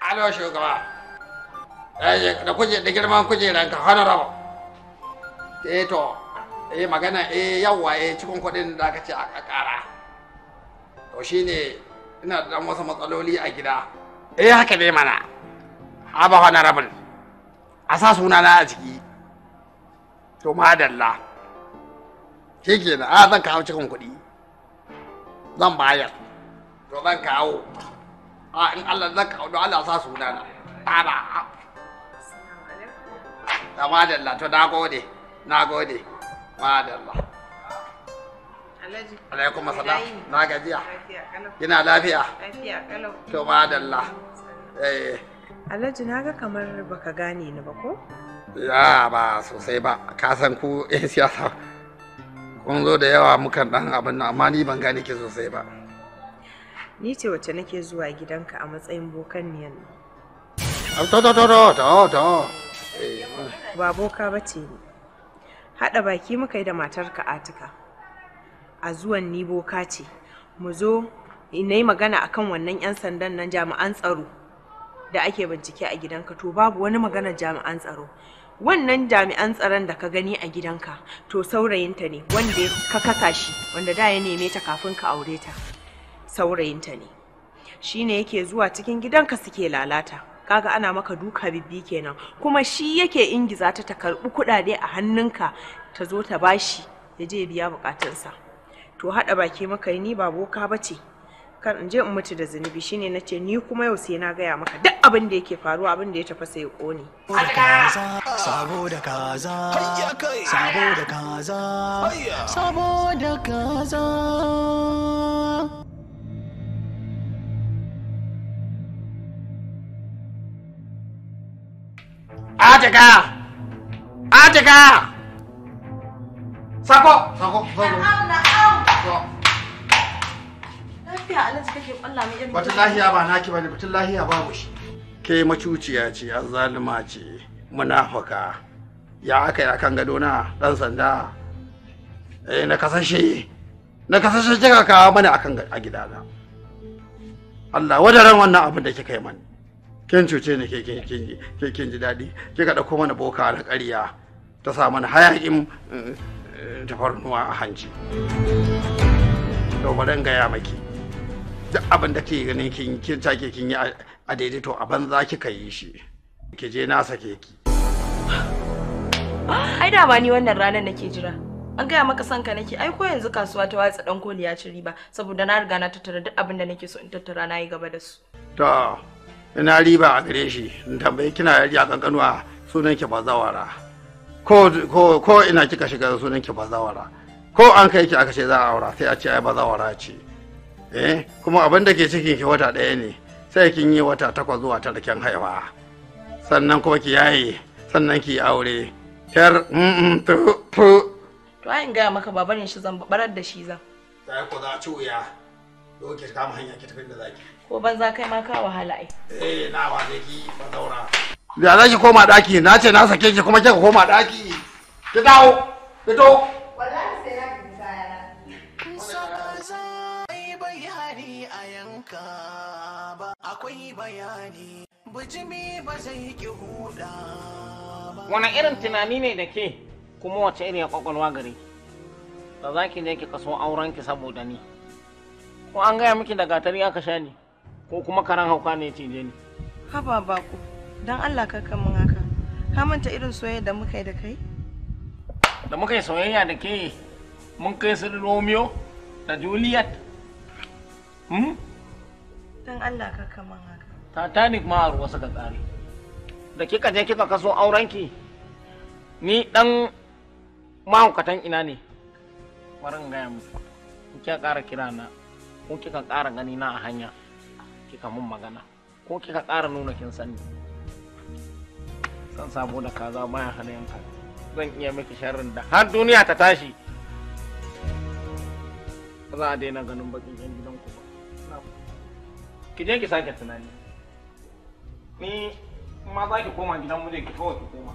Alo shugaba, eh, da kuje da girman kujeran ka honorable. Eh to, eh magana eh yawa eh cikin kuɗin da aka ce a ƙara. To shine ina da ɗan wasu matsaloli a gida. Eh haka dai mana. Aba honorable. A sa sunana a jiki. To madalla. Shi kenan, a ah, zan kawo cikin kuɗi. Zan bayar. to zan kawo a in Allah zan kawo don Allah sa sunana baba da madalla to na gode na gode madalla alaikum assalam na gajiya yana lafiya to madalla eh Alhaji na ga kamar baka gane ni ba ko? Ya ba sosai ba, ka san ku 'yan eh, siyasa kun zo da yawa mukan dan abin amma ni ban gane ki sosai ba. ni ce wacce nake zuwa gidanka a matsayin bokan niyan nan. Eh. Ba boka ba ce ni. Haɗa baki muka yi da matarka Atika. A zuwan ni boka ce, mu zo na yi magana a kan wannan 'yan sandan nan jami'an tsaro da ake bincike a gidanka to babu wani magana jami'an tsaro. Wannan jami'an tsaron da ka gani a gidanka to saurayinta ne wanda ka kasa shi wanda da ya neme ta kafin ka aure ta. saurayinta ne shi ne yake zuwa cikin gidanka suke lalata kaga ana maka duka bibbi kenan kuma shi yake ingiza ta ta karbi kudade a hannunka ta zo ta bashi ya je biya bukatunsa to hada baki maka ni ba boka bace kan in je in mutu da zunubi shine nace ni kuma yau sai na gaya maka duk abin da yake faruwa abin da ya tafasa ya kone sabo kaza sabo kaza sabo da kaza Atika! Atika! Sako! Sako! Sako! Lafiya Alhaji kake Batun lahiya ba naki bane, batun lahiya babu shi. Ke macuciya ce, an azzaluma ce, munafuka. Ya aka yi akan gadona na dan sanda. Eh na kasashe. Na kasashe kika kawo mana akan a gidana. Allah wadaran wannan abin da kika yi mani. kin cuce ne kin ji daɗi kika ɗauko mana boka na ƙarya ta sa mana hayaƙin eh, tafarnuwa a hanci to bari gaya maki duk abin da ke ganin kin kin take kin yi a daidaito a banza kika yi shi ki je na sake ki ai da ba ni wannan ranar nake jira an gaya maka son ka nake ai ko yanzu kasuwa ta watsa dan koli ya ci riba saboda na riga na tattara duk abin da nake so in tattara na yi gaba da su to na riba a gare shi in tambayi kina yari a kankanuwa sunan ki bazawara ko ina kika shiga sunan ki bazawara ko an kai ki aka ce za a aura sai a ce ai bazawara ce eh kuma abin da ke cikin ki wata ɗaya ne sai kin yi wata takwas zuwa tara kin haifa sannan kuma ki yaye sannan ki aure yar mm to mm, to to ai ga maka babarin shi zan barar da shi zan sai ko za a ci wuya yau ki mu hanya ki tafi da zaki ko banza kai ma ka wahala ai eh na wa zaki ba zaura ya zaki koma daki na ce na sake ki kuma kika koma daki ki dawo fito wallahi sai na bi kaya na akwai bayani bijimi ba zai ki huda wani irin tunani ne da ke kuma wace irin kwakwalwa gare da za ki je ki kaso auren ki saboda ni ko an gaya miki da gatari aka sha ne ko kuma karan hauka ne ce ni haba bako dan Allah ka kan mun haka ka manta irin soyayya da muka yi da kai da muka yi soyayya da ke mun kai su Romeo da Juliet hmm? dan Allah ka kan mun haka Titanic ma a ruwa suka tsare da kika je kika kaso aurenki ni dan mahaukatan ina ne warin gaya musu kika kara kira na ko kika ƙara gani na a hanya kika mun magana ko kika ƙara nuna kin sani san sabo da kaza baya hana yanka zan iya miki sharrin da har duniya ta tashi za a daina ganin bakin yan gidanku ba ki je ki sake tunani ni ma za ki koma gidan mu ne ki kawai ki koma